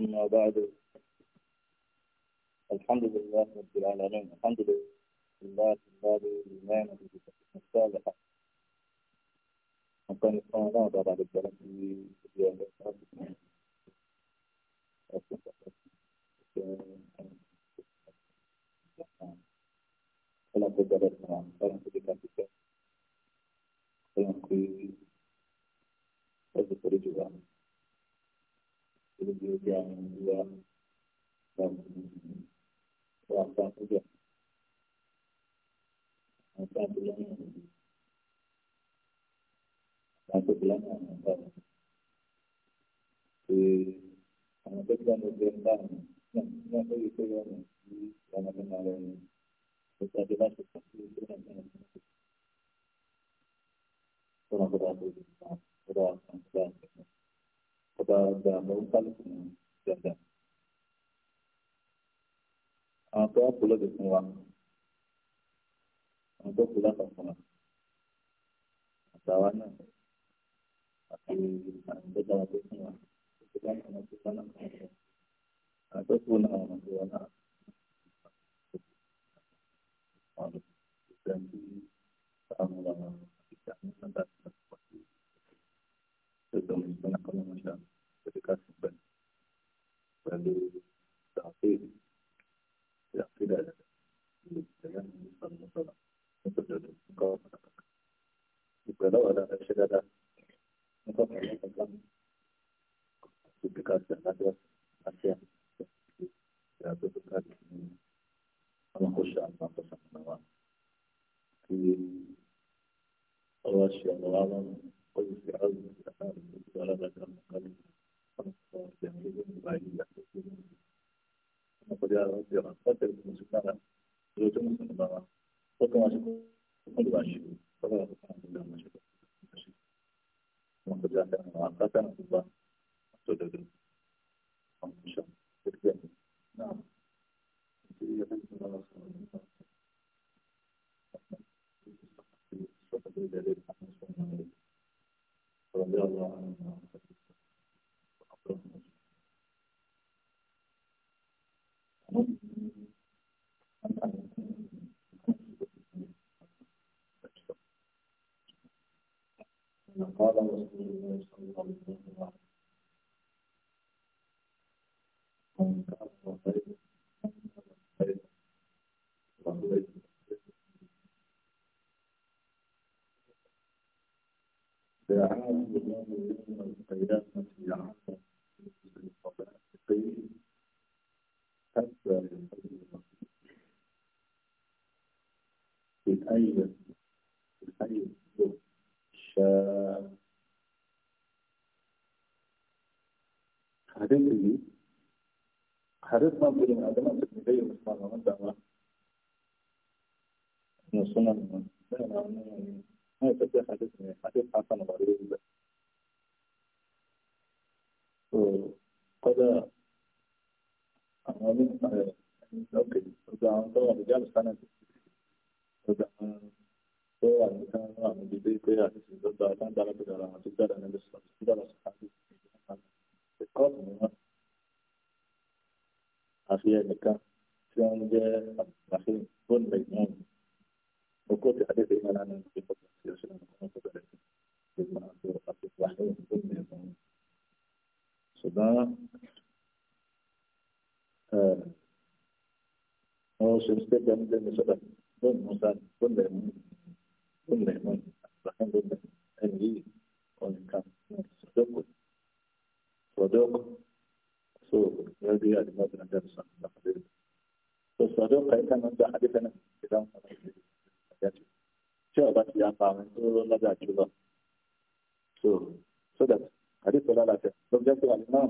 أما بعد الحمد لله رب العالمين الحمد لله الذي نعمة الصالحة وكان يسمعنا بعد الكلام في يوم Kalau kita ada Kemudian yang dua dan kuasa juga. Masa bulan satu bulan apa? Di apa bulan November? Nah, apa itu yang di dalam kemarin? Kita kita seperti itu dan kurang berapa? Kurang berapa? ọba àgbà mọ̀rúkálùkù dáadáa. àwọn tó wá kó lọ́dọ̀ fún wa àwọn tó kó lọ́dọ̀ fún wa àtàwa náà àti àwọn tó dára tó fún wa tó bá fún wa tó bá náà fún wa àwọn tó kó náà wọn tó wà náà. Dan كسبا بل تعقيد تعقيد على الكلام المصنف مقدر مقاطعة يبقى لو أنا أشهد هذا مقاطعة الكلام سبكات النجوى أشياء يا سبكات أنا أخش عن ما قسم النوام في أول شيء الله قل في عزم الأمام ولا بدر مقدم no podía haber bastante de funcionar los últimos en la poco más el baño para la persona de la noche no podía hacer una plata no podía hacer todo con mucho porque no yo pienso que no lo sé Gracias. قال رسول الله صلى الله عليه وسلم من كفر خير خير وهو يعاني يوم القيامة يعاني في الصلاة خير حتى الأيض الأيض شاء حديث لي حديث ما بقول من أدمان ابن بيه مثلا ومن دعوة من سنن من ما يتبقى حديث حديث حسن غريب قد àwọn onímọ̀ rẹ̀ ní lọ́kè gbogbo àwọn tó wà lójú àlùfáà ti gbogbo àwọn tó wà ní kan wà níbi pé pé àtúnṣe tó gba ọ̀tá ń dára pẹ̀lú ara wọn tó gbàdá níbi sọ̀rọ̀ tó gbàdá sọ̀rọ̀ àti ìkọ́ọ̀tù ni wọ́n àfi ẹnìkan tí wọ́n jẹ́ àfihàn fóònù ẹ̀gbọ́n mi òkú ti àdéhùn ìmọ̀ náà ní ìfọ̀kàn sí ọ̀ṣun àwọn ọmọ tó bẹ̀rẹ̀ sí ìgbìmọ̀ àti àfihàn fóònù ẹ̀gbọ́n mi ṣùgbọ́n àwọn oṣù tí ó ń bẹ ní sọ́dọ̀ ló ń musa ló ń lẹ̀ mú ló so yóò di àdìmọ́ tó ń bẹ ní sọ́dọ̀ lọ́kọ̀dé so sọ̀dọ̀kọ̀ yìí kan ń gba àdìfẹ́ so so that àdìfẹ́ lára tẹ̀ lọ́jọ́ pé àdìmọ́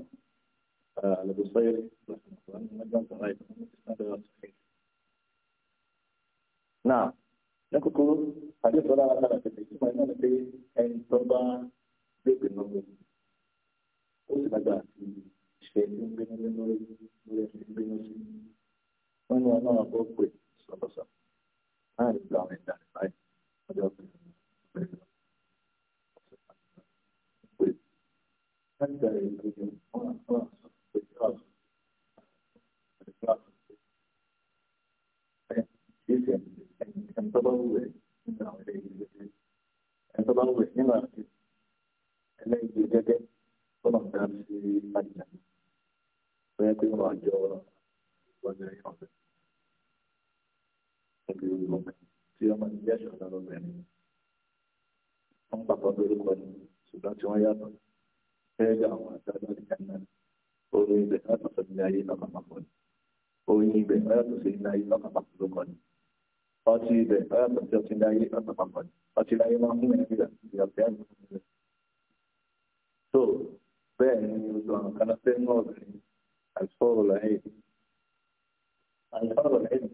wọ́n papọ̀ lórúkọ ni ṣùgbọ́n tí wọ́n yàtọ̀ fẹ́ẹ́ gba àwọn àtàlọ́ ní kánà orí ibẹ̀ yàtọ̀ sọ ilé ayé lọ́kàn papọ̀ ni orí ibẹ̀ yàtọ̀ sí ilé ayé lọ́kàn papọ̀ lórúkọ ni ọtí ibẹ̀ yàtọ̀ sí ọtí ilé ayé lọ́kàn papọ̀ ni ọtí ilé ayé máa ń mú ẹ̀mí rẹ̀ sí ọ̀fẹ́ àgbẹ̀ tó bẹ́ẹ̀ ni ojú àwọn kan fẹ́ mọ́ ọ̀gbìn àìsọ̀rọ̀ lẹ́yìn àìsọ̀rọ̀ lẹ́yìn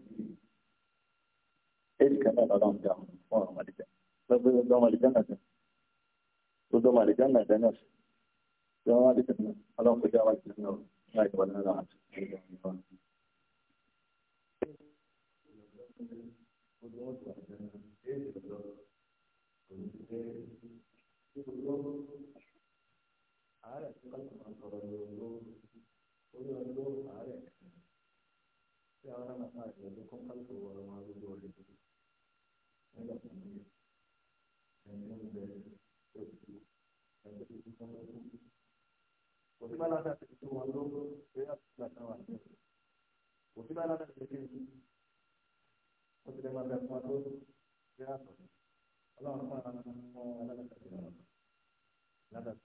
èdè kan náà lọ́dọ̀ ń lọ́gbẹ́ ọdọ́ ọmọ àlìjáná kan ọdọ́ ọmọ àlìjáná kan náà sí ṣé wọ́n wá dé tẹ̀lé ọlọ́run kọjá wá sí náà ní àìjọba náà àti ọdún ààrẹ tí Porque vai lá da pessoa, o aluno, eu a situação aqui. Porque vai lá da pessoa, quando ele manda para o aluno, eu a situação. Allah fala na nada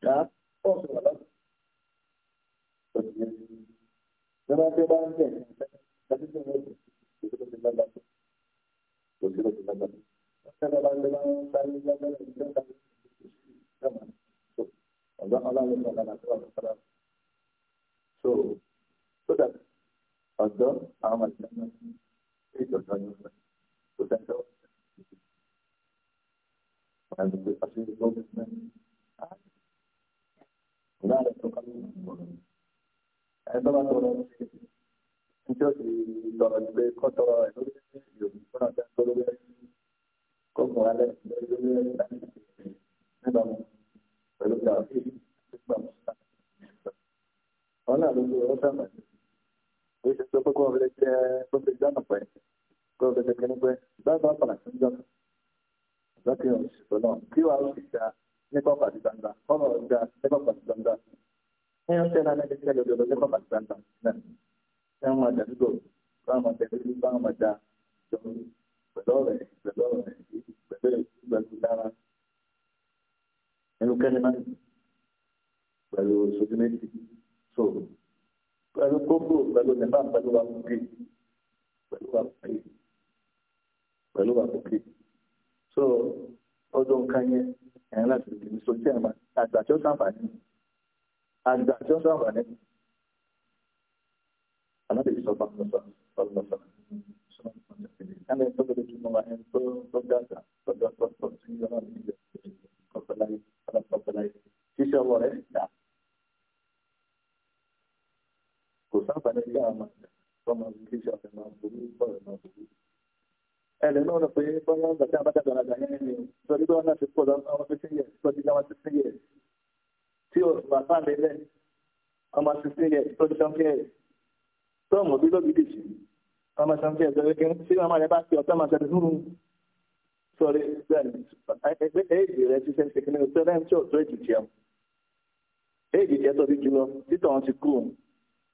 Tá? Posso falar? Não vai ter mais ninguém. Sabe que eu vou Você vai ter mais ninguém. Você vai ter mais ninguém. Você vai ter mais So, so that although our judgment is your judgment, so that the and the Claro, Esto va a todo. Muchos y lo ve con todo el orden, y lo mismo hacer todo bien. Como darle el orden, vamos. Pero ya, vamos. Hola, lo que otra vez. Pues esto fue como ver que profesional fue. Creo que se tiene pues, da da para la sesión. Da que no, que va a estar. Ne va a estar. Cómo va a estar náà lẹ́yìn tẹ́lẹ̀ lọ́dọ̀ lọ́jọ́ bàbá àti bàbá náà ṣé wọn àjà dúdò báwọn àjà dúdò báwọn àjà jọ pẹ̀lú ọ̀rẹ́ pẹ̀lú ọ̀rẹ́ pẹ̀lú ìgbàlú dára ẹnu kẹ́ni náà pẹ̀lú sojú méjì so pẹ̀lú kókó pẹ̀lú nípa pẹ̀lú wa kókè pẹ̀lú wa kókè pẹ̀lú wa kókè so ọdún kan yẹn ẹ̀rín láti lè ní sojú ẹ̀ máa àgbà tí ó sàǹfààní sọ àwọn àlẹ́ àlọ́dẹ̀ yìí sọ fún mi sọ fún mi sọ ẹni tó lè túmọ̀ wá ẹni tó tó dàgbà tó dọ̀ tó tó sí ọ̀nà ìjọ kọ̀pẹ̀láyé ọ̀nà kọ̀pẹ̀láyé ṣíṣe ọwọ́ rẹ̀ dà kò sábà ní yá àmà ọmọ ṣíṣe ọ̀fẹ́ máa burú bọ̀rẹ̀ máa burú. ẹlẹ́ náà rọ pé bọ́lá ọ̀gá tí a bá dàgbà lágbà yẹn ni sọ nígbà náà ti pọ̀ lọ́wọ́ fífi yẹ sọ nígbà wọn ti fi yẹ tí ò ọmọ sixteen years tó di seventeen years tó mọ̀ bí lóbi dì sí ọmọ seventeen years lọ́wọ́ kẹ́hìn tí màmá rẹ bá ti ọ̀tọ́ màá ṣe fún un sọrí bẹ́ẹ̀ éèdì rẹ ti sẹ́ńtì kìnìún tó rẹ́ǹ tí ò tó èdè jẹun éèdì jẹ tóbi jùlọ títọ̀ wọn ti kú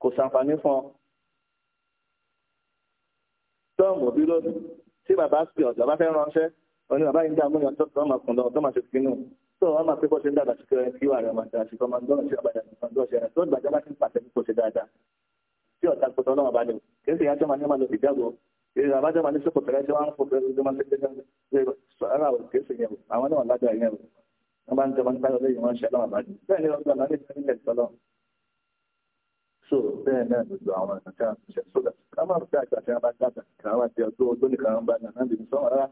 kò sàǹfààní fún ọ tọ́ọ̀mù bí lóbi tí bàbá ti ọ̀tọ̀ bá fẹ́ ránṣẹ́ òní bàbá yìí ń dá àmúyàn tó máa kùn lọ tó máa ṣe So, wọn máa pé bó ṣe ń dàgbà sí pé kí wàá rẹ máa dá sí kọ́ máa ń dọ́rùn sí àbàdà nìkan dọ́rùn sí ẹ̀rọ tó gbàjá bá ti ń pàṣẹ kó ṣe dáadáa tí ọ̀tá kó tọ́lọ́wọ́ bá lè wò kí ẹ̀sìn yájọ́ máa ní máa lọ sí ìjágbó èrè àbájọ́ máa ní sọ́kò tẹ̀lé tí wọ́n á fọ́kẹ́ lójú máa ń tẹ́lẹ̀ ṣe ara ò kí ẹ̀sìn yẹn wò àwọn náà ládàá yẹn wò wọ́n bá ń jọ máa ń táyọ̀ lẹ́yìn wọn ṣe aláwọ̀ àbájọ́ bẹ́ẹ̀ ni ọgbà náà ní ìpínlẹ̀ tọ́lọ́ so bẹ́ẹ̀ náà gbogbo àwọn ọ̀nà tí a ń ṣe sódà ká máa fi àgbà tí a bá dàgbà kí a wá di ọdún ọdún nìkan bá nà náà lè sọ́wọ́n rárá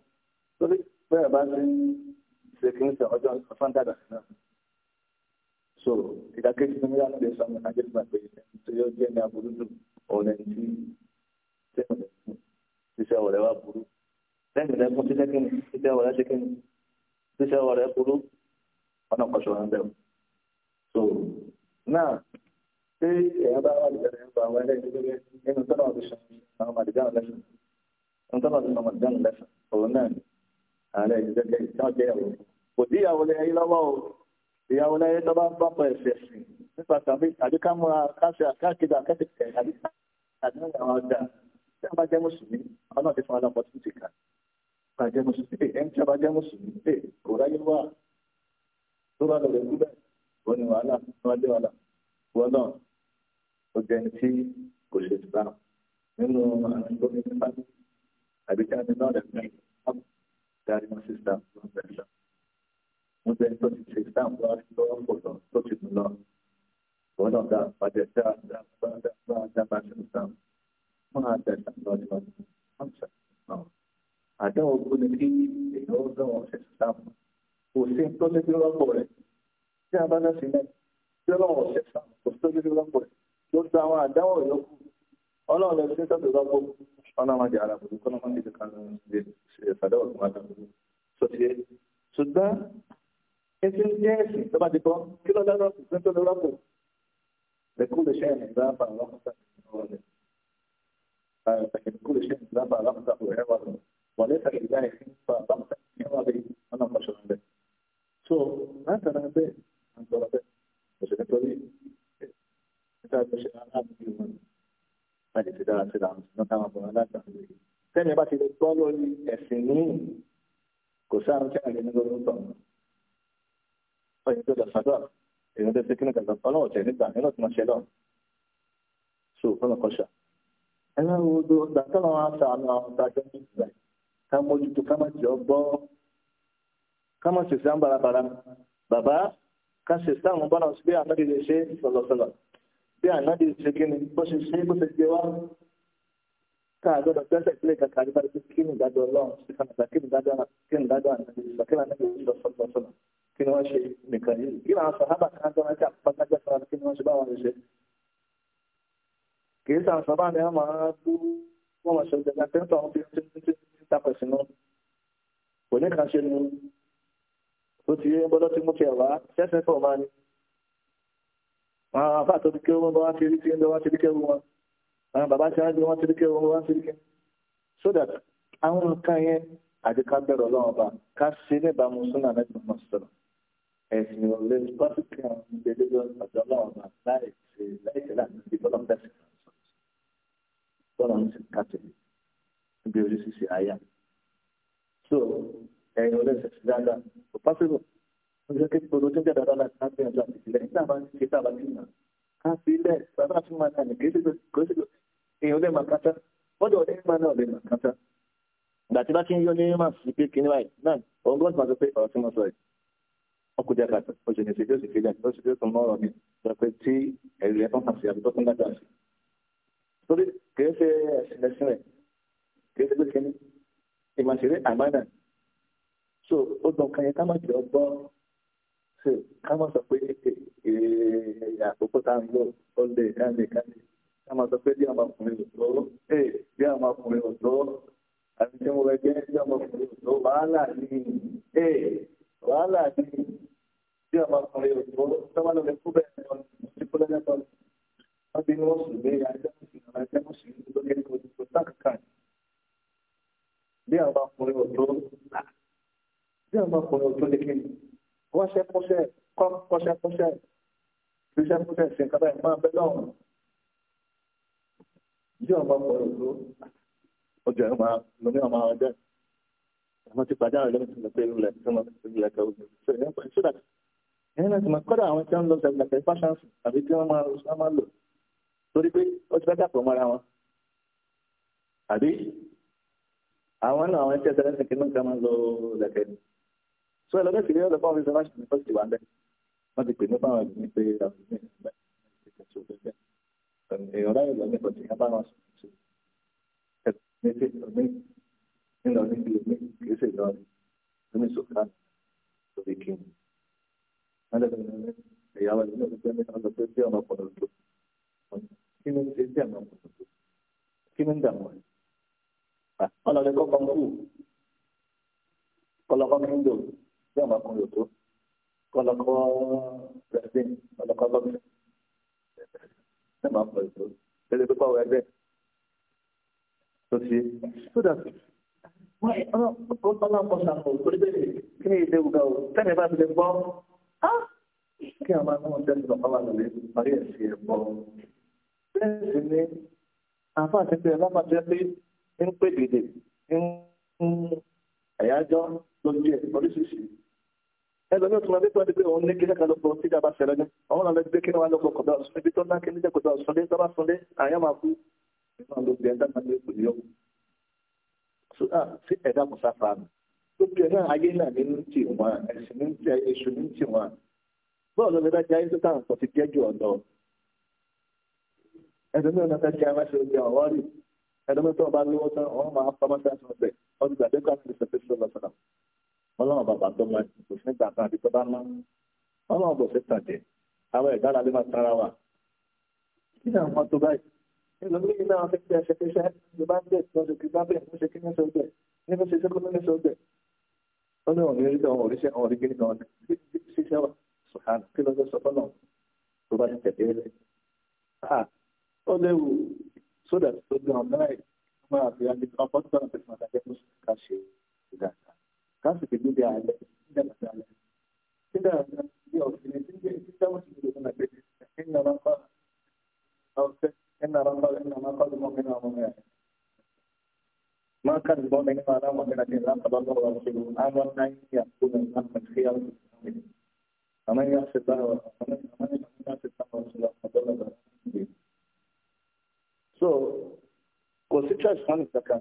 torí bẹ́ẹ̀ bá ti ṣe kí n sọ ọjọ́ ọ̀fọ́n dàgbà náà. so ìdákejì tó ń yára lè sọ ọmọ náà jẹ́ ìgbàgbé tó yọ jẹ́ ní aburú dùn òun ẹni tí tẹ́wọ̀n lè fún iṣẹ́ ọ̀rẹ́ wa burú lẹ́yìn rẹ̀ fún títẹ́ kíni títẹ́ ọ̀rẹ́ ṣe kíni títẹ́ ọ̀rẹ́ burú ọ̀nà kọ̀ṣọ́ ọ̀rẹ́ bẹ̀rù. so náà ṣé èèyàn bá wà lùbẹ̀rẹ̀ nípa àwọn ẹlẹ́yìn gbẹ́gbẹ́ nínú tọ́nà ọ̀dùnṣe àwọn màdìgáàmù lẹ́sìn nínú tọ́nà ọ̀dùnṣe àwọn màdìgáàmù lẹ́sìn òun náà ààrẹ ìgbẹ́gbẹ́ ìtàn jẹ́ ìwòsàn kò sí ìyàwó lẹ́yìn lọ́wọ́ o ìyàwó lẹ́yìn tó bá ń bá pọ̀ ẹ̀sẹ̀ sí nípa tàbí àbí ká múra káṣíà káàkiri àkẹ́tẹ̀kẹ́ àbí àdéhùn àwọn ọjà tí a bá jẹ́ mùsùlùmí àwọn náà ti fún ọlọ́pọ̀ tó ti kà bá jẹ́ mùsùlùmí ẹ̀ ń tí a bá jẹ́ mùsùlùmí ẹ̀ kò ráyé wà tó bá lọ rẹ̀ kú bẹ́ẹ̀ wọ́n ní wàhálà wọ́n dé wàhálà wọ́n náà ó jẹ́ ní tí kò ṣe ti bá nínú àwọn gómìnà àbí tí a ti náà rẹ̀ fún dárí mọ́ wọ́n jẹ́ tó ti ṣe sáàmù wá lọ́wọ́ pọ̀ lọ tó ti dùn lọ. Wọ́n náà dá bàjẹ́ dá dá bá dá bá dá bá ṣe ń sáàmù. Wọ́n á jẹ sáàmù lọ́dún lọ́dún. Wọ́n ṣe sáàmù. Àdáwò kú ni kí èèyàn ó dán wọn ṣe sáàmù. Kò sí tó lé bí rọ́pò rẹ̀. Tí a bá dá sí náà, tí ọlọ́wọ́ ṣe sáàmù kò sí tó lé bí rọ́pò rẹ̀. Tó sa àwọn àdáwò yòókù. Ọlọ́run lè ṣe sọ́dọ̀ rọ́pò. Ọlọ́run jẹ́ alábòdú kọ́lọ́mọ́ ẹsẹ ń jẹ́ ẹ̀sìn tó bá ti kọ́ kí ló dáná sí pé tó lè rọ́pò lẹ́kùn lè ṣe ẹ̀yìn ìdáàbà alákùnrin ọ̀rẹ́ lẹ́kùn lè ṣe ẹ̀yìn ìdáàbà alákùnrin ọ̀rẹ́ wà lọ wà lẹ́sà ìdá ẹ̀sìn fún àbámọ́sá ní wà lẹ́yìn ọ̀nà ọ̀ṣọ́ rẹ̀ so látara bẹ́ẹ̀ à ń tọrọ bẹ́ẹ̀ òṣèlú nítorí níta ló ṣe aláàbí wọn láti ti dára sí làwọn ọ̀nà táwọn ọmọ aláàbí wọn lè tẹ́lẹ̀ bá ti lè gbọ́ lórí ẹ̀sìn ní kò sáà ń tẹ́lẹ̀ ní lọ́dún tọ̀hún ọ̀yẹ́ tó dà sàdúrà èèyàn tó ṣe kí ní kàgbà ọlọ́run ọ̀tẹ̀ nígbà nínú tí wọ́n ṣe lọ so fọlọ́ kọ́ṣà ẹ̀rọ odò ọ̀dà tọ́lọ́ wọn aṣọ àmì àwọn ọ̀dà jọ ní ìgbà ká mójútó ká má jẹ́ ọgbọ́ ká má ṣèṣe à ń barabara bàbá ká ṣèṣe àwọn bọ́lá bí ànádi lè ṣe sọ̀lọ̀sọ̀lọ̀ bí ànádi ṣe kí ni bó ṣe ṣe bó ṣe jẹ wá káàgbọ́dọ̀ gbẹ́sẹ̀ sílẹ̀ kàkà àdébáyé kí ni ìdájọ́ ọlọ́run sí kí ni ìdájọ́ ànádi sọ kí ni ànádi sọ sọ̀lọ̀sọ̀lọ̀ kí ni wọ́n ṣe nìkan yìí kí làwọn sàhábà kan tó rántí àpátájá fara kí ni wọ́n ṣe báwọn ṣe kì í sàn sábà ni wọ́n máa bú wọ́n máa ṣe ìjọba tí ń tọ́ bí tí ń tí ń tapẹ̀ sínú kò ní kan ṣe nu ó ti yé bọ́lọ́ tí mú tiẹ̀ wá ṣẹ́sìn fún ọ̀ma ni àwọn afá tó ti kí wọn bá wá ti rí kí wọn ti rí kí wọn àwọn bàbá tí wọn bí wọn ti rí kí wọn wá ti rí kí so that àwọn nǹkan yẹn àti ká bẹ̀rẹ̀ ọlọ́run ọba ká ṣe níbàámu súnà mẹ́tò ẹ̀sìn ọ̀lẹ́ pàṣípì àwọn ìgbẹ́lẹ́ lọ ọ̀dọ́ ọlọ́run láì ṣe láì tẹ̀lé àmì ìbọ́lọ̀ bẹ́sẹ̀ bọ́lọ̀ ń sì kàtẹ́lẹ̀ níbi oríṣiríṣi àyà. so ẹ̀yin ọlẹ́sẹ̀ sí dáadáa kò pàṣípò wọ́n jẹ́ kékeré ojú ọjà dáadáa láti máa gbìyànjú àti ìlẹ̀ nígbà bá ń ṣe tábà bí nà á fi ilẹ̀ bàbá àti máa nàní kì í ṣètò kì í ṣètò èèyàn lè máa kátá bọ́dọ̀ ọ̀dẹ́ bá ti ń yọ ní mímọ̀ sí pé kíní báyìí náà ọ̀gbọ́n ti máa sọ pé ọ̀rọ̀ tí mo sọ yìí wọn kò jẹ́ kàtà oṣù ní ṣèjọ́ sì fílẹ̀ oṣù tí ó tún lọ́rọ̀ mi sọ pé tí ẹ̀rí ẹ̀ tán kà sí àbútọ́ tún dáadáa sí. torí kìí ṣe ẹ̀sìn ẹ̀sìn rẹ̀ kìí ṣe pé kíní ìmọ̀ṣẹ̀rẹ̀ àmàdà so ó dán kan yẹn ká má jọ gbọ́ ṣe ká má sọ pé àkókò tá à ń lò ó lè ká lè ká lè ká má sọ pé bí àwọn ọkùnrin ò tó ee bí àwọn ọkùnrin ò tó àti tí mo rẹ jẹ́ bí àwọn ọkùnrin ò tó wàhálà ni ee wàhálà àti bí ọmọ ọkùnrin òyìnbó tọ́wọ́ lọ lè kú bẹ́ẹ̀ lọ sí kó lẹ́lẹ́ tọ́lù wọ́n bí wọ́n sùn lé ajá mùsùlùmí ajá mùsùlùmí tó lé ní ojú tó sáàkà bí ọmọ ọkùnrin òjò bí ọmọ ọkùnrin òjò lè kéde wọ́n ṣe kọ́ṣẹ́ kọ́ṣẹ́ kọ́ṣẹ́ ṣiṣẹ́ kọ́ṣẹ́ ṣe nǹkan báyìí máa bẹ́ lọ́rùn bí ọmọ ọkùnrin òjò àwọn ti pàdánù lọ́wọ́ tí mo pé lulẹ̀ tí mo fi ilẹ̀ kẹ́ ojú ṣe ní pẹ̀lú ṣúdà ẹni náà ti mọ̀ kọ́dà àwọn tí wọ́n lọ sẹ́yìn lẹ́kẹ́ fáṣánsì àbí tí wọ́n máa lò torí pé ó ti fẹ́ dàpọ̀ mọ́ra wọn àbí àwọn náà àwọn ẹtí ẹsẹ lẹsẹ kí ló ń ká máa ń lọ lẹkẹ ni so ẹlọgbẹ sì yọ lọfọ ọfíìsì sọ ní ṣe nínú níbi omi kìí ṣe ìlọrin omi sọ̀kan lórí kíni. Mẹ́lẹ́dẹ̀ẹ́dẹ́ ìyàwó ẹ̀ nínú ìgbẹ́ mẹ́ta lọ pé bí ọmọ ọpọlọ tó. Kí ló ń ṣe bí ọmọ ọpọlọ tó? Kí ló ń dààmú ẹ̀? Ọlọ́dẹ kọ́kọ́ ń kú. Kọ́lọ́kọ́ kí ń dò bí ọmọ ọpọlọ tó. Kọ́lọ́kọ́ rẹ̀sìn ọlọ́kọ́ lọ́gbìn. Ẹ máa pọ̀ ètò. Ẹ lè pípa wọ ẹgbẹ́. Tó ṣe. Tó Kí a máa náà jẹ́ ìjọba wà lórí parí ẹ̀sì ẹ̀bọ̀. Bẹ́ẹ̀ sì ni àfáà ti pé ọlọ́pàá pé ń pè dìde ń àyájọ́ lójú ẹ̀ oríṣiríṣi. Ẹlòmí òtún ọdún pẹ́ẹ́dì pé òun ní kí lẹ́ka lọ́pọ̀ tí ìjọba ṣẹlẹ̀ ní. Àwọn ọ̀nà lẹ́gbẹ́ kí wọ́n lọ́pọ̀ kọ̀dá ọ̀sán ibi tó ná kí ní jẹ́ kọ̀dá ọ̀sán dé tọ́ba sọ́dé àyàn máa kú. Ìgbà ló gbé ẹ̀dá máa lé pẹ̀lú yọ̀kù. Ah, sí ẹ̀dá mùsàfà nù gbogbo ẹ̀ náà ayé náà ní ń tì wọ́n ẹ̀sìn ní ń tì èṣù ní ń tì wọ́n bọ́ọ̀lù ló dájá ayé tó táwọn pọ̀ ti jẹ́ jù ọ̀dọ́ ẹ̀sìn náà náà fẹ́ jẹ́ amáṣe omi ọ̀wọ́ rí ẹ̀dọ́mọ́ tó bá lówó tán wọ́n máa pamọ́ sí àṣọ ọ̀sẹ̀ wọ́n ti gbàgbé kan ní sọ̀tẹ́ sọ̀rọ̀ sọ̀rọ̀ wọn bàbá tó máa kò sí nígbà kan àti tó bá mọ́ wọn bọ̀ sí tàjẹ́ àwọn ẹ̀dá ẹlòmíì náà fẹ́ ṣe ṣẹṣẹṣẹ ló bá ń bẹ̀ lọ sí kíkà bẹ̀ ló ṣe kí ní sọ bẹ̀ ní bó ṣe ṣe kó ní sọ bẹ̀. ó ní òní orí kan òní ṣe àwọn onígbìn kan ṣiṣẹ́ wà sùhán kí ló fẹ́ sọ fọ́nà tó bá ti tẹ̀lé rẹ̀. ó léwu sódà tó gbà ọ̀nà ẹ̀ máa fi àti ọkọ̀ tó bá ti fún àtàkẹ́ tó sì ká ṣe ìdàgbà ká sì fi gbígbé alẹ́ nígbà tí alẹ́ ina rabbal ina ma qad mu'minu wa mu'minat ما كان المؤمن على مؤمنة لا قضى الله ورسوله أمر أن يكون الأمر الخيار ومن يخشى الله ومن يخشى الله ورسوله فضل So, kò sí church planning kankan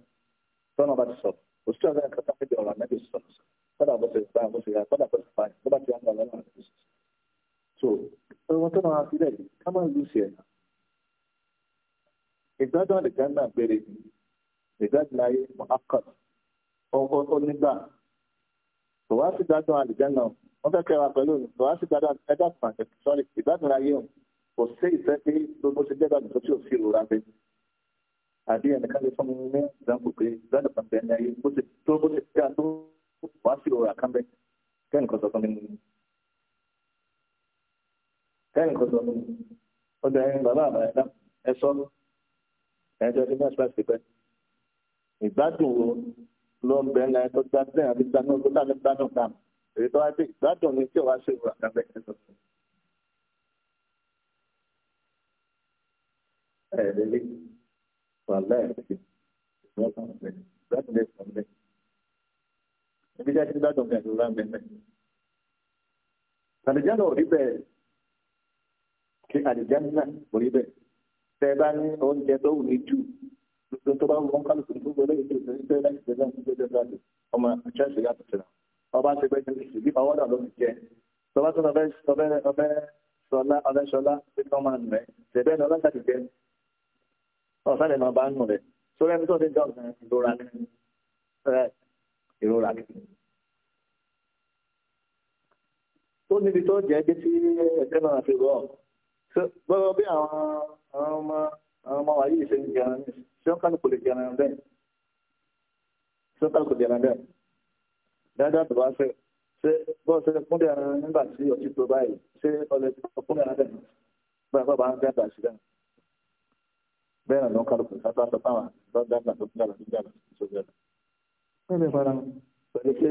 tọ́nà bá ti sọ, kò sí church planning kankan fídíò ọ̀la mẹ́bí sọ, kọ́dà bó ṣe gbà So, ọ̀rọ̀ tọ́nà àfilẹ̀ yìí, ká máa ìgbádùn àlìkà náà bẹ̀rẹ̀ ni ìgbádùn ayé muhakkad ó nígbà kò wá sí ìgbádùn àlìkà náà wọ́n fẹ́ kẹwàá pẹ̀lú kò wá sí ìgbádùn ẹ̀dá pàṣẹ sọ́rí ìgbádùn ayé o kò sí ìfẹ́ pé gbogbo ṣe jẹ́ ìgbádùn tó tí ò sí ìrora bẹ́ẹ̀ àbí ẹnìkan lè fún mi ní ìdáhùn pé ìgbádùn pàṣẹ ní ayé bó ṣe tó bó ṣe tí a tó wá sí ìrora kan bẹ́ẹ̀ kẹ́nìkan sọ fún mi nínú kẹ́nìkan sọ fún mi ó ẹ ẹjọ́ tí mẹ́sàn-án ti pẹ́. ìgbádùn wo ló ń bẹ̀rẹ̀ náà tó gbá bẹ́ẹ̀ àti gbádùn tó tàbí gbádùn kan èyí tó wá dé ìgbádùn ni tí ò wá ṣe ìwà àgbẹ̀ ẹ̀sọ̀. ẹ̀ẹ́dẹ́lẹ́ wàhálà ẹ̀sìn ìgbádùn lè sọ̀ bẹ́ẹ̀. ibi jẹ́ gbádùn bẹ̀rẹ̀ ló rà bẹ́ẹ̀ àlìjáná ò rí bẹ́ẹ̀ kí àlìjáná ò rí bẹ́ẹ̀ tẹ bá ní oúnjẹ tó wù ní jù lóṣù tó bá wù wọn kálukú gbogbo lóye tó ní tẹ láti tẹ náà gbogbo ẹgbẹ àti ọmọ àjọṣe yàtọ̀ síra ọba ti gbẹ jẹun sí bípa wọ́dà ló fi jẹ tọba tó ọbẹ ọbẹ ọbẹ sọlá ọbẹ sọlá pé kí wọ́n máa nù rẹ tẹbẹ ní ọlọ́sà ti jẹ ọ̀sán lè máa bá nù rẹ sórí ẹni tó ti jọ ọ̀sán ìrora ni ìrora ni. tó níbi tó jẹ́ bí tí ẹgbẹ́ náà fi rọ̀ bọ́ọ̀ bí àwọn àwọn ọmọ àwọn ọmọ wàyí ìṣe ń jẹun ní ṣé ó kálukú lè jẹun bẹ́ẹ̀ ṣé ó kálukú jẹun bẹ́ẹ̀ dáadáa tó bá fẹ́ ṣé bọ́ọ̀ ṣe kúndé ẹran nígbà tí ọtí tó báyìí ṣé ọlẹ́ kúndé ẹran bẹ́ẹ̀ bẹ́ẹ̀ bá bá ń dẹ́gbà sí bẹ́ẹ̀ bẹ́ẹ̀ ló ń kálukú sábà sọ fáwọn dọ́gbà tó dára tó dára tó dára. wọ́n lè fara pẹ̀lú pé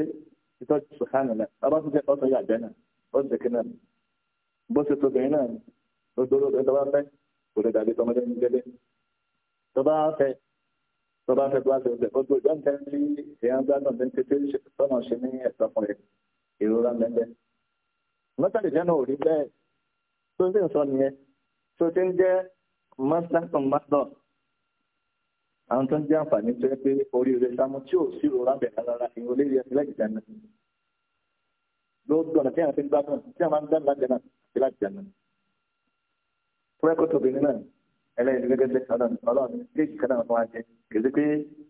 ìtọ́jú sùhánù náà bàbá tó jẹ́ kọ́ sọ yà kò lè dàbí tọmọdé ní gẹ́gẹ́ tó bá fẹ́ tó bá fẹ́ bá fẹ́ ọ̀sẹ̀ gbogbo ìjọ nǹkan tí èèyàn gbádùn ní títí tọ́nà ṣe ní ẹ̀sán fún rẹ̀ ìrora mẹ́lẹ́ mọ́tàlì jẹ́ náà ò rí bẹ́ẹ̀ tó sì ń sọ nìyẹn tó ti ń jẹ́ mọ́tàkùn mọ́tàkùn àwọn tó ń jẹ́ àǹfààní tó yẹ pé oríire sámú tí ò sí ìrora bẹ̀rẹ̀ rárá ìrora lè rí ẹsẹ̀ lẹ́yìn ìjànà fúnra kó tóbi nínú ẹlẹ́yìn gẹ́gẹ́ bí ọ̀dọ̀ ọlọ́run déjì kan náà fún wa jẹ kìí pé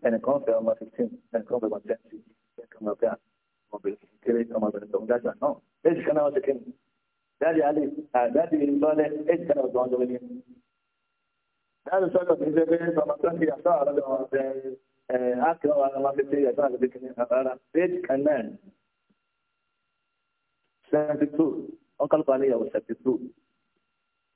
ẹnìkan fẹ́ ọmọ fifteen ẹnìkan fẹ́ ọmọ twenty ẹnìkan fẹ́ ọmọ fẹ́ ọmọbìnrin kéré ọmọbìnrin tó ń dájà náà déjì kan náà ṣe kí ni dáàdì alẹ́ àdáàdì lọ́lẹ̀ déjì kan náà tó ń jọ ní. dáàdì sọ́dọ̀ kìí ṣe pé ọmọ twenty àtọ́ àlọ́dọ̀ ọmọ fẹ́ ẹ ákìlọ́ wa ọmọ fifty àtọ́ àlọ́dọ̀ kìíní àbára déjì kan náà seventy two ọkọlùpàá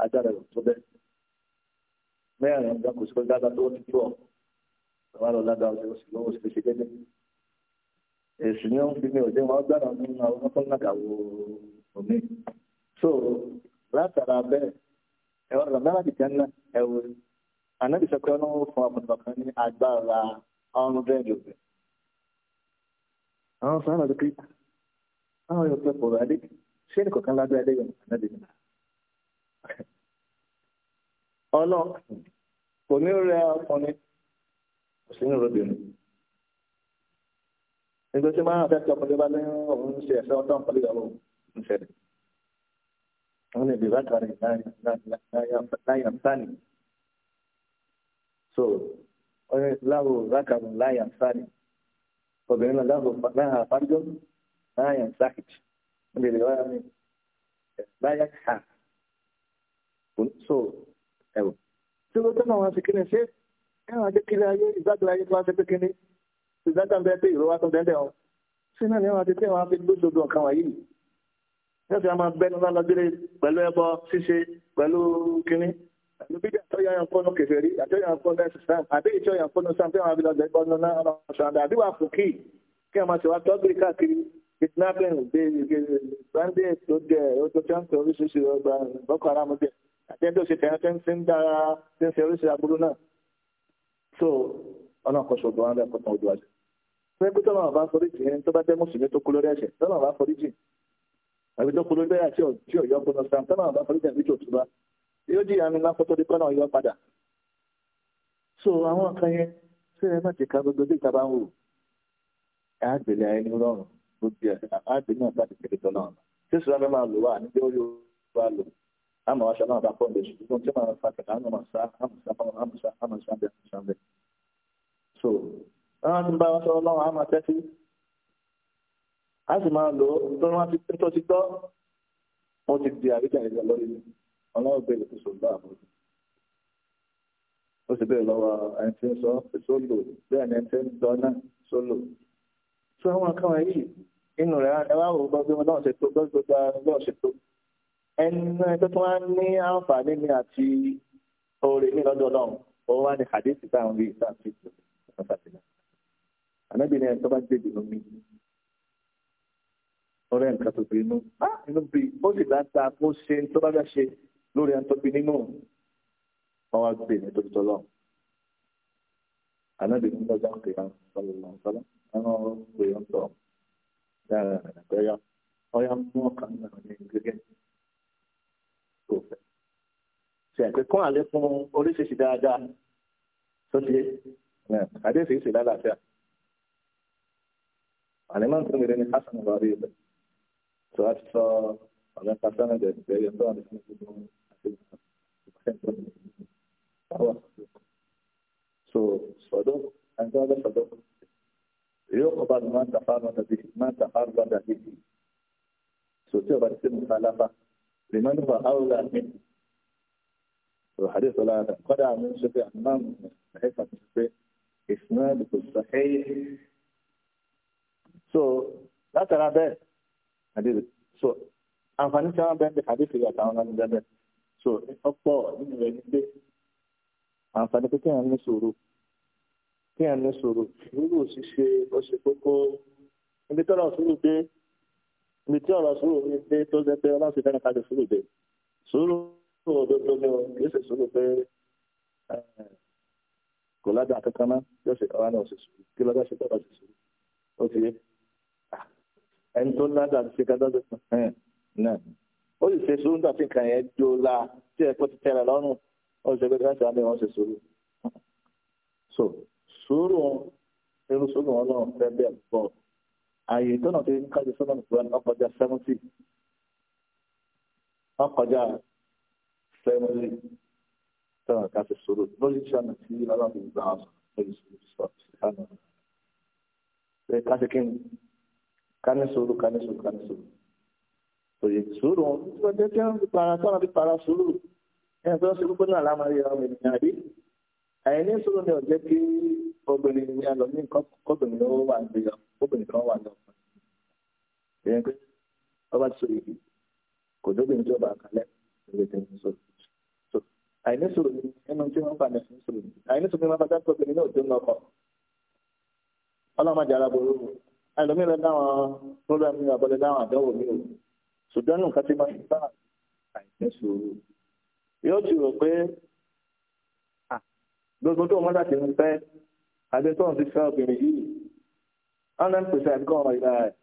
agbára rẹ̀ tó bẹ́ẹ̀. mẹ́rin àwọn ọ̀gá kò sí pé dáadáa tó ní tó ọ̀ àwọn àlọ́ ládàá ọ̀sẹ̀ oṣù lọ́wọ́ oṣù ṣe dédé. èsì ni ó ń fi mi ò wọn gbára nínú àwọn ọmọ fún nàgà wo omi. so látara bẹ́ẹ̀ ẹ̀rọ rẹ̀ láti jẹ́ ńlá ẹ̀wọ̀ ànábì sọ pé ọ̀nà fún àpòtò kan ní agbára hundred obìnrin. àwọn sọ̀rọ̀ lọ́dún pé àwọn yóò fẹ́ fọ̀rọ̀ adé ṣé ní kọ̀ọ̀kan lágbára adé yọ̀ ànábì nìyà ọlọ́ọ̀kùn kò ní rẹ ọkùnrin kò sí ní rọbìnrin nígbà tí máa fẹ́ tí ọkùnrin bá ní òun ṣe ẹ̀fẹ́ ọtọ́ nǹkan lóyún ọlọ́run ń ṣẹlẹ̀ wọn lè bèèrè àtàrí láyà sáni so láwo rákàrù láyà sáni obìnrin náà láwo láyà fájọ láyà sákìtì wọn lè bèèrè wáyà mi láyà sáà so ẹ̀wọ̀ tí ó tẹ́lẹ̀ wọn ṣe kí ni ṣé ẹ̀wọ̀n ajé kiri ayé ìgbàgbọ́ ayé tó wá ṣe pé kí ni ìgbàgbọ́ bẹ́ẹ̀ pé ìrora tó dẹ́ndẹ̀ ọ́ sí náà ni ẹ̀wọ̀n ajé tẹ́wọ̀n fi lóṣooṣù nǹkan wọ̀nyí yóò fi máa bẹ́ẹ̀ nígbà lọ́gbẹ́rẹ́ pẹ̀lú ẹbọ ṣíṣe pẹ̀lú kínní pẹ̀lú bíbí àtọ́yàyàn fọ́nù kẹfẹ́rí àtọ́yàyàn fọ́nù ẹ̀sìsàm àbí ìtọ́yàn fọ́nù sam tí wọ́n fi lọ́gbẹ́ gbọ́nù náà ọ̀ṣọ́ndà àbí wà fún kí kí wọ́n máa ṣe wá tọ́gbìrì káàkiri kidnapping gbé gbé gbé bandit tó jẹ tó jẹ́ ń tọ́ oríṣiríṣi ọgbà boko haram jẹ́ àti ẹni tó ṣe tẹ̀yàn tí ń dára tí ń ṣe oríṣi aburú náà so ọ̀nà kan ṣògbọ́n wọn lẹ́kọ̀ọ́ tán ojú wájú. pé pé tọ́lọ́ bá forí jì ẹni tó bá jẹ́ mùsùlùmí tó kú lórí ẹ̀ṣẹ̀ tọ́lọ́ bá forí jì àbí tó kú lórí bẹ́ẹ̀ tí ò yọ kó lọ sàm tọ́lọ́ bá forí jì àbí tó tù bá yóò jìyà ní lápò tó di kọ́nà yọ padà. so àwọn kan yẹn ṣé ẹ má ti ka gbogbo bí ìtaba ń wò àgbèlè ayé ní rọrùn gbogbo àgbèlè náà bá ti kéde tọ́lọ́ àmọ́ aṣọ náà bá pọ̀ lè ṣùgbọ́n tí màá fa kẹ̀kẹ́ àmọ́ sá àmọ́ sá àmọ́ sá àmọ́ sá bẹ́ẹ̀ sá bẹ́ẹ̀. so wọn ti bá wọn sọ ọlọ́run àmọ́ tẹ́tí a sì máa lò ó tó wọn ti tó ti gbọ́ wọn ti di àríjà ìjọ lórí mi ọlọ́run bẹ̀rẹ̀ tó sọ̀rọ̀ àbọ̀ ó sì bẹ̀rẹ̀ So, ẹni tí ń sọ sólò bẹ́ẹ̀ ni ẹni tí ń sọ náà sólò tí wọ́n káwọn yìí inú rẹ̀ ẹ wá wò ó gbọ́ ẹnu ẹjọ́ tó wá ní àǹfààní mi àti oore mi lọ́dọ̀ ọlọ́run ó wá ní hadith táwọn rí sáà sí ìtòlù ànábìrin ẹni tó bá gbé ìdùnnú mi ọ̀rẹ́ nǹkan tó bí inú inú bí ó sì bá ta kó ṣe tó bá bá ṣe lórí ẹni tó bí nínú wọn wá gbé ní tòlù tọ́lọ́ ànábìrin lọ́jọ́ ń pè é sọ́lọ́ sọ́lọ́ àwọn pè é ń sọ dára ẹ̀rẹ̀ ọ̀yà mú ọ̀kan náà ní gẹ́gẹ́ kò fẹ́ ṣe àpè kún àlẹ́ fún oríṣiríṣi dáadáa tó ṣe àdéhùn ìṣe lálàáfíà àlẹ́mọ̀ tó ń gbèrè ní hasan lọ́rí ilẹ̀ tó a ti sọ ọ̀rẹ́ pàṣẹ náà jẹ́ ìyẹn tó wà ní ìgbìmọ̀ àti ìgbìmọ̀ so sọdọ àgbàdo sọdọ yóò kọba ní máa ń tàfà lọ́dà bíi máa ń tàfà lọ́dà bíi so tí o bá ti ṣe mùsàlábà. لمن هو أولى منه الحديث لا تنقطع من شفع الإمام حيث شفع إسناده الصحيح so لا ترى بيه حديث so àǹfààní tí wọ́n bẹ́ẹ̀ bí hadith yìí àtàwọn ọmọ nígbà bẹ́ẹ̀ so ọ̀pọ̀ nínú rẹ̀ ní pé àǹfààní pé kéèyàn ní sùúrù kéèyàn ní sùúrù sùúrù ṣíṣe ó ṣe kókó ibi tọ́lọ̀ sùúrù dé ibi tí ọ̀rọ̀ sùúrù mi dé tó ṣe pé ọlọ́run fẹ́ràn ká sùúrù dé sùúrù òdodo ni o kì í ṣe sùúrù pé kò lájà kankan náà yóò ṣe ọ̀rọ̀ náà ṣe sùúrù kí lọ́jà ṣe tọ́ka ṣe sùúrù ó ti yé ẹni tó lájà ṣe kájọ́ ṣe náà ó sì ṣe sùúrù nígbà nǹkan yẹn jó la tí ẹ̀kọ́ ti tẹ̀lé lọ́rùn ó ṣe pé káṣí àmì wọn ṣe sùúrù so sùúrù irú sùúrù wọn náà fẹ́ bẹ́ẹ̀ bọ́ọ̀ ààyè tó náà tó ní kájú sọ́nà ìfúra náà kọjá seventy wọ́n kọjá seventy tọ́nà ká fi sọ̀rọ̀ lórí ìṣànà tí aláàbò gbà á lórí sọ̀rọ̀ ìṣànà pé ká ṣe kí ni ká ní sọ̀rọ̀ ká ní sọ̀rọ̀ ká ní sọ̀rọ̀ òye sọ̀rọ̀ wọn tí wọ́n jẹ́ tí wọ́n fi para tí wọ́n para sọ̀rọ̀ ẹ̀ ń fẹ́ ṣe gbogbo ní sọ̀rọ̀ ni obìnrin ni a lọ ní nǹkan kóbìnrin lọ́wọ́ wà níbi lọ kóbìnrin kan wà lọ. ìyẹn pé ọba ti sọ kò dóbìnrin tó bá ìwé tẹ̀ ní sọ̀rọ̀. àìní ni ẹnu tí wọ́n ń fàmì fún ni àìní ni wọ́n fàtà kóbìnrin náà tó ń lọkọ̀. ọlọ́mọdé aláboró àìlómi lọ dáwọn program mi àbọ̀lẹ̀ dáwọn àdánwò mi ò ṣùgbọ́n nǹkan ti máa ń bá àìní sọ̀rọ̀ yóò ti rò pé gbogbo tó mọ́tà ti ń fẹ́ adétọ́n ti fẹ́ obìnrin yìí hundred percent kọ́ ọ̀rọ̀ ìlà rẹ̀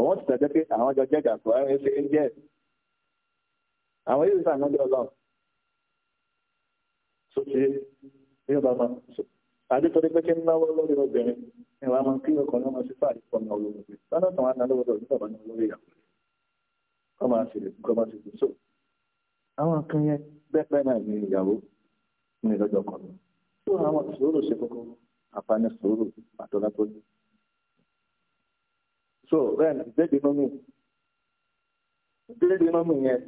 òun ti tẹ̀jẹ́ pé àwọn jọ jẹ́ gàkú àwọn ẹ̀ṣẹ̀ ń jẹ́ àwọn yìí sàn lọ́dọ̀ ọlọ́run tó ti ní ọba máa adétọ́ni pé kí ń náwó lórí obìnrin ni wàá máa kí ọkọ̀ náà máa ṣe and pọ̀ ní ọlọ́run pé so àǹfààní sòrò àtọ́lá tó ní. so bẹ́ẹ̀ ni dédé nínú dédé nínú yẹn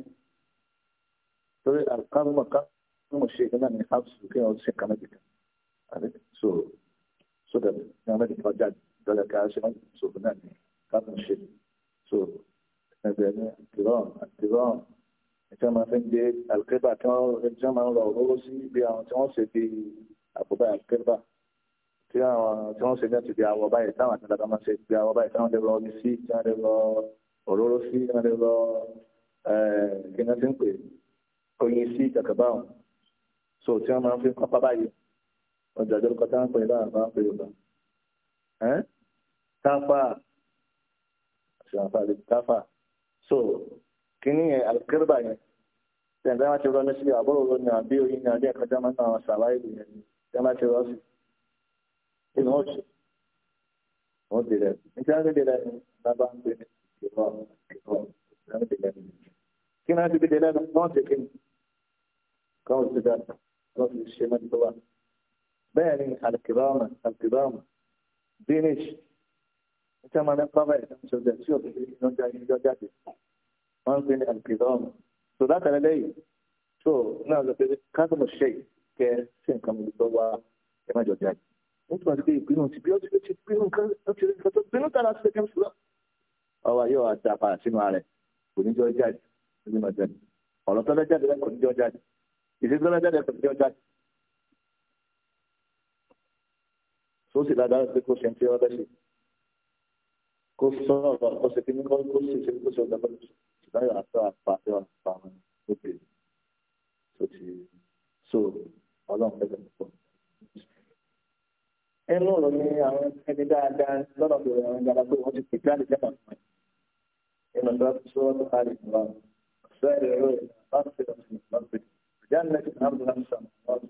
torí àkàrùmọ̀ ká mo ṣe ìgbà ní áàpù kí wọ́n ṣe kàmẹ́jì kan so so that ní ọmọdé kan jáde dọ́là ká ṣe máa so fún náà ní káàpù ṣe so ẹgbẹ́ ní tìrọ̀n tìrọ̀n ìjọba máa fi ń gbé àlùkẹ́bà tí wọ́n máa ń lọ lọ́wọ́ sí ibi àwọn tí wọ́n ṣe bí àbúbá àlùkẹ́bà. tí àwọn tí wọ́n ṣe ní ti di àwọ̀ báyìí táwọn àti dàda máa ṣe di àwọ̀ báyìí táwọn lè lọ omi sí tí wọ́n lè lọ òróró lè lọ eh, kí ti ń pè oyin sí wọn so tí máa ń fi pápá báyìí ọjà ìjọba kan táwọn pè máa ń pè yorùbá táfà táfà so nínú ọ̀sẹ̀ wọ́n ti rẹ̀ nígbà tó dé lẹ́nu bàbá ń pè ní ìwọ ìwọ ìwọ ti lẹ́nu kí náà ti dé lẹ́nu wọ́n ti kíni kan ti dá wọ́n ti ṣe mẹ́tò wa bẹ́ẹ̀ ni alikibama alikibama danish níta máa ń pàmò ẹ̀ ní ọjà tí òbí ní ọjà yìí ní ọjà tẹ̀ wọ́n ń pè ní alikibama tó látàrí lẹ́yìn tó náà lọ pé káàtó mo ṣe kẹ́ sí nǹkan mi tó wá ẹ má jọ jáde nítorí pé ìpinnu ti bí ó ti ti pinnu nǹkan ó ti rí nǹkan tó pinnu tààrà sí ẹgbẹ́ mùsùlùmí. ọwọ́ yóò wá da padà sínú ààrẹ kò ní jọ jáde nínú ọjọ́ ni ọ̀rọ̀ tó lẹ́jáde rẹ kò ní jọ jáde ìdílé tó lẹ́jáde rẹ kò ní jọ jáde. tó sì dáadáa pé kó ṣe ń tí ọ bẹ́ ṣe kó sọ̀rọ̀ ọ̀rọ̀ kó ṣe kí ní kó ṣe ṣe kó ṣe ọ̀dọ́ bẹ́ẹ̀ ṣe ṣùgbọ́n yóò ẹnu ọ̀rọ̀ ni àwọn ẹni dáadáa lọ́nà tó rẹ̀ àwọn ìjàmbá pé wọ́n ti pèsè àlè jẹ́mọ̀ fún ẹ̀. ẹnu ọ̀dọ́ ti sọ ọ́dún àlè ìwà ọ̀sẹ̀ rẹ̀ rẹ̀ bá ti rẹ̀ sí ìgbà pé ìjà ńlẹ̀ ti náà lọ́nà sàn wọ́n ti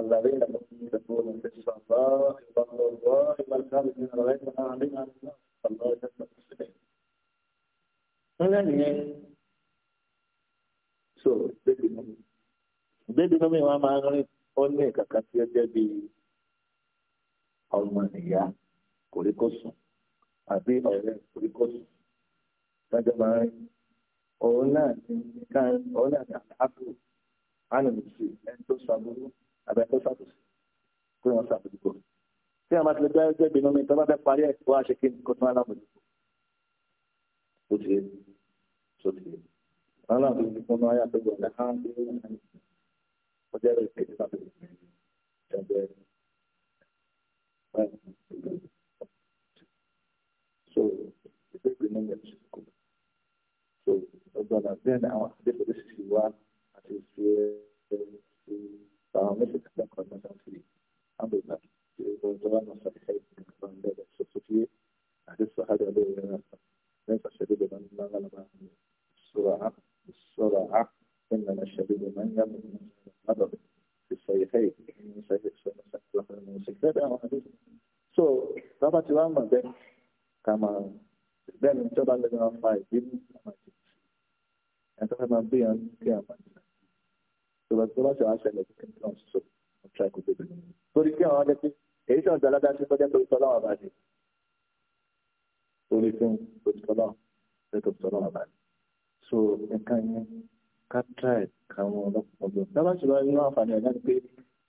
الذين يكون في الصفاء والضراء والخارجين رأيتنا علينا الله جل وعلا هنا so bébì náà bébì náà mi wà máa ń rìn ó ní nǹkan kan tí ó jẹ́ bí ọmọ ìyá kòríkòsùn àbí ọ̀rẹ́ kòríkòsùn lọ́jọ́ máa ń òun náà ní ká òun náà ní àpò ánìmùsì ẹni tó ṣàbùrú àbẹ tó ṣàbùsì pé wọ́n ṣàbùdùkọ. tí a máa ti lè gbá ẹgbẹ́ ìbínú mi tó bá fẹ́ parí ẹ̀ kó a ṣe kí ni kó tún alábòjútó. ó ti ṣe ó ti náà fi ìfúnná ayàtọ̀ gbọ̀dọ̀ hàn bí wọ́n ń whatever it is, And then, so it's a good So, then, this is what I mọ̀ bẹ́ẹ̀ ká máa bẹ́ẹ̀ ni ìjọba lẹ́nu máa fa ìbínú àmàjì ẹni tó fẹ́ máa bí yàn kí àmàjì tó bá tó bá ṣe wàá ṣẹlẹ̀ kí nǹkan ṣoṣo ọ̀tún àkó bèbè torí kí àwọn adẹ́tí èyí tí wọ́n dá ládá sí kọjá torí tọ́lá wà bàjẹ́ torí fún torí tọ́lá torí tọ́lá wà bàjẹ́ so nǹkan yẹn ká tíráì káwọn ọlọ́pàá ọgbọ́n tábà ṣùgbọ́n inú àǹfààní ẹ̀ náà ni pé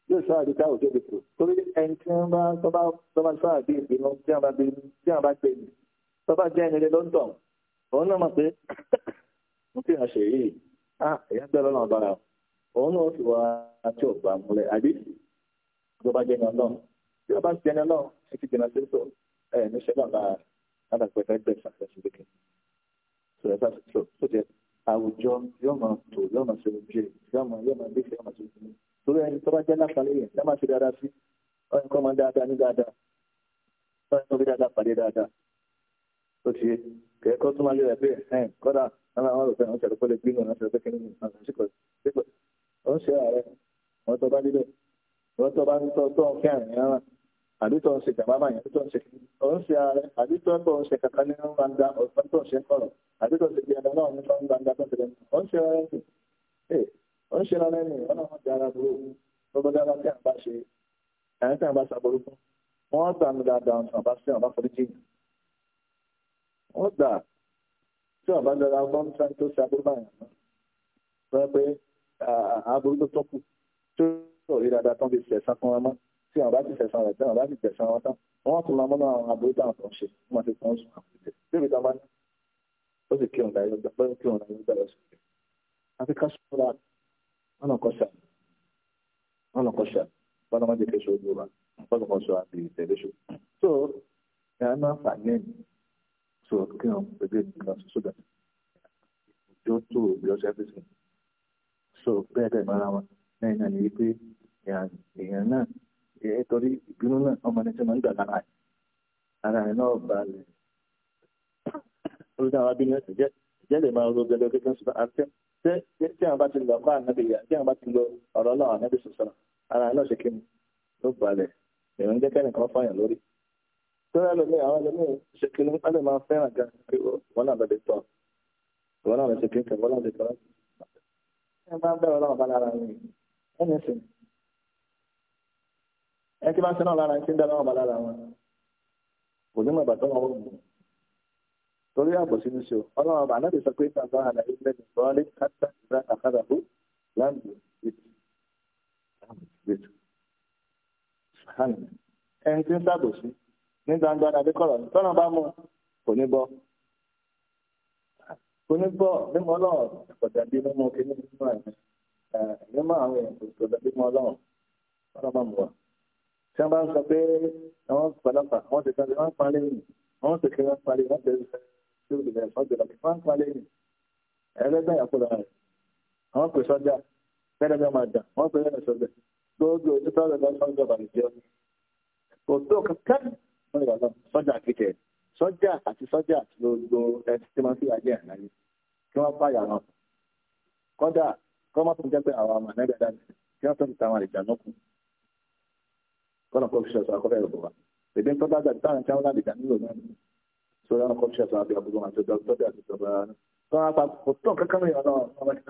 yóò sọ àdúgbò àwùjọ gbèsè torí ẹni tí wọ́n bá tọ́ bá tọ́ba sáà bí ìpinnu tí a bá gbé tí a bá gbé ni tọ́ba jẹ́ ẹnìyẹn ló ń tàn òun náà mọ̀ pé mo fi hàn ṣe yìí à ah, èyí ń bẹ̀rẹ̀ lọ́nà bára òun náà fi wá àti ọ̀gbà múlẹ̀ àbí tọ́ba jẹ́ ẹnìyẹn náà tí a bá jẹ́ ẹnìyẹn náà ṣe ti dènà sí sọ ẹ̀ níṣẹ́ náà lára lára pẹ̀lẹ́ bẹ̀rẹ̀ sàkẹ́sì lókè sọ̀rọ̀ bá ti sọ sóde àwùjọ yóò máa tò yóò máa ṣe ojú yóò máa yóò máa lé wọ́n tó fi dáadáa pàdé dáadáa ó ti kẹ́kọ̀ọ́ tó máa lé rẹ̀ pé ẹ̀ kọ́dà àwọn àwọn òfin àwọn ìṣẹ̀lẹ̀ pẹ̀lẹ́ gbígbọ̀n láti ọ̀fẹ́ kìnìún àti àṣìkò sípò ó ń ṣe ààrẹ wọ́n tó bá níbẹ̀ wọ́n tó bá ń tọ́ tó ń fẹ́ àrùn yẹn rà àbí tó ń ṣe jàmbá báyìí àbí tó ń ṣe ó ń ṣe ààrẹ àbí tó ń tó ń ṣe kàkà ní gbangba ọ̀fẹ́ tó ń ṣe kọ̀rọ̀ àbí tó ń ṣe ìyàdá náà ní gbangba tó ń ṣe ó ń ṣe ara ẹni ó ń ṣe ara ẹni ọ̀nà ọ̀dà ara burú gbogbo dára tí à ń bá ṣe àyẹ̀tí à ń bá ṣàbọ̀rú fún wọ́n gbà mí dáadáa tí wọ́n bá sí ọ̀bá foríjì wọ́n gbà tí wọ́n bá dára wọ́n tí wọ́n tó ṣe aburú báyìí àná wọ́n pé aburú tó tọ́kù tó rí dáadáa tán fi ṣẹ̀sán fún wọn mọ́ tí wọ́n bá ti ṣẹ̀sán rẹ̀ tí wọ́n bá ti ṣẹ̀sán wọn tán wọ́n tún máa mọ́nà àwọn aburú táwọn tó ń ṣe wọ́n ti tán sùn àwọn ìdè débi tá ọlọ́pàá sọ àti ìtẹ̀lé so ẹ máa fà so kí wọn gbẹgbẹ nǹkan ṣoṣo dà ìjọ tó so bẹ́ẹ̀ bẹ́ẹ̀ mara wọn lẹ́yìn náà ni wípé èèyàn náà ẹ torí ìbínú náà ọmọ ẹni tí wọn ń gbà lára ẹ ara ẹ náà balẹ̀ olùdarí àwọn abínú ẹsẹ jẹ jẹ lè máa ro gẹ́gẹ́ gẹ́gẹ́ sọ àti tẹ tí àwọn bá ti lọ kọ ànábìyà èèyàn ń jẹ́ kẹ́ni kan fààyàn lórí tó rẹ́ lómi àwọn ẹlòmíì ṣe kí wọ́n lè máa fẹ́ràn gan pé wọ́n náà lọ́dẹ tọ́ wọ́n náà lè ṣe kí wọ́n náà lè tọ́ ẹ bá ń bẹ̀rù náà bá lára rẹ̀ ẹni sìn ẹ ti bá ń sin náà lára ẹ ti ń dá náà bá lára wọn kò ní mọ̀ ìgbà tó wọn wọ̀ mọ́ torí àbòsí ní ṣe ọlọ́run ọba náà ti sọ pé bàbá àlàyé lẹ́nu sọ́ọ́lé kátà ìgbà àkàdà fún láǹdì ìtì ẹni tí ń ṣàbòsí ní gbangba tàbí kọ̀rọ̀ tọ́nà bá mú kò ní bọ́ kò ní bọ́ mímọ́ ọlọ́run ìpọ̀jà bí mímọ́ kíní nínú àìsàn mímọ́ àwọn èèyàn kò tó bí mímọ́ ọlọ́run tọ́nà bá mú wa. tí wọ́n bá ń sọ pé àwọn pàlọ́pà wọ́n ti kan wọ́n parí nì wọ́n ti kí wọ́n parí wọ́n ti ṣe olùdẹ̀ sọ́jọ́ lọ́kì wọ́n parí nì ẹlẹ́gbẹ̀yà kúrò àwọn pèsè ọjà fẹ́rẹ́ gbogbo ẹni tó rẹ̀ bá sọ́jà bàlùjẹ́ kò tó kankan wọ́n yà lọ sọ́jà kékeré sọ́jà àti sọ́jà àti gbogbo ẹni tí wọ́n fi àjẹ́ àlàyé kí wọ́n pààyà náà kọ́dà kọ́ mọ́tò jẹ́ pé àwọn ọmọ ẹ̀nẹ́gbẹ̀ dání kí wọ́n tọ́jú táwọn àlejò àná kù kọ́nà kọ́ fi ṣẹ̀ṣọ́ akọ́fẹ́ rẹ̀ bọ̀ wá èdè tó bá dàbí táwọn táwọn àlejò àná lò náà sọ́dọ̀ àwọn kọ́ fi ṣẹ̀ṣọ́ abẹ́ àbúrò àti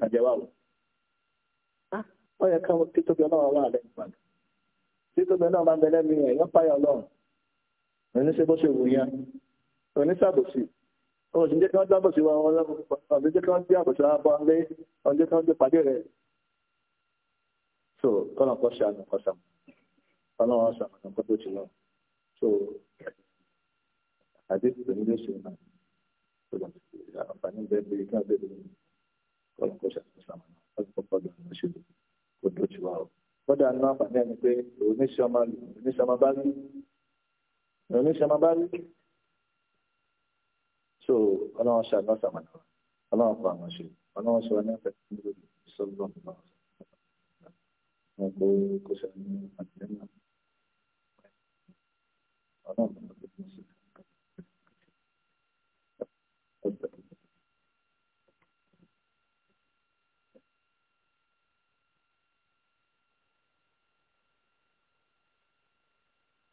ọjọ́ ó yẹ ká títóbi ọlọ́run wà lẹ́yìn padà títóbi ọlọ́run bá ń bẹ lẹ́mí ẹ̀ yọ́n páyà ọlọ́run òní ṣe bó ṣe wù yẹn òní ṣàbòsí òní jẹ́ kí wọ́n dábòsí wa òní jẹ́ kí wọ́n dé àbòsí wa bọ́ lé òní jẹ́ kí wọ́n dé pàdé rẹ̀ so kọ́nà kọ́ ṣe àná kọ́ sàmù ọlọ́run ṣàmùnà kọ́ tó ti lọ so àdéhùn òní ló ṣe náà àǹfààní bẹ́ẹ̀ bí kí wọ́n bẹ́ẹ̀ kọ́nà kọ́ ṣe àná kọ́ sàmù ọlọ́run kọ́ kò tó tiwa o kódà ní àǹfààní ẹni pé oníṣọmọ bá rí so ọlọ́run ṣàánú ṣàmàlà ọlọ́run kọ àwọn ṣe ọlọ́run ṣe wọn ní ẹ̀fẹ̀ tí ó sọ́gbọ́ nípa wọn kò kò sẹ́ni àtìlẹ́yìn ọlọ́run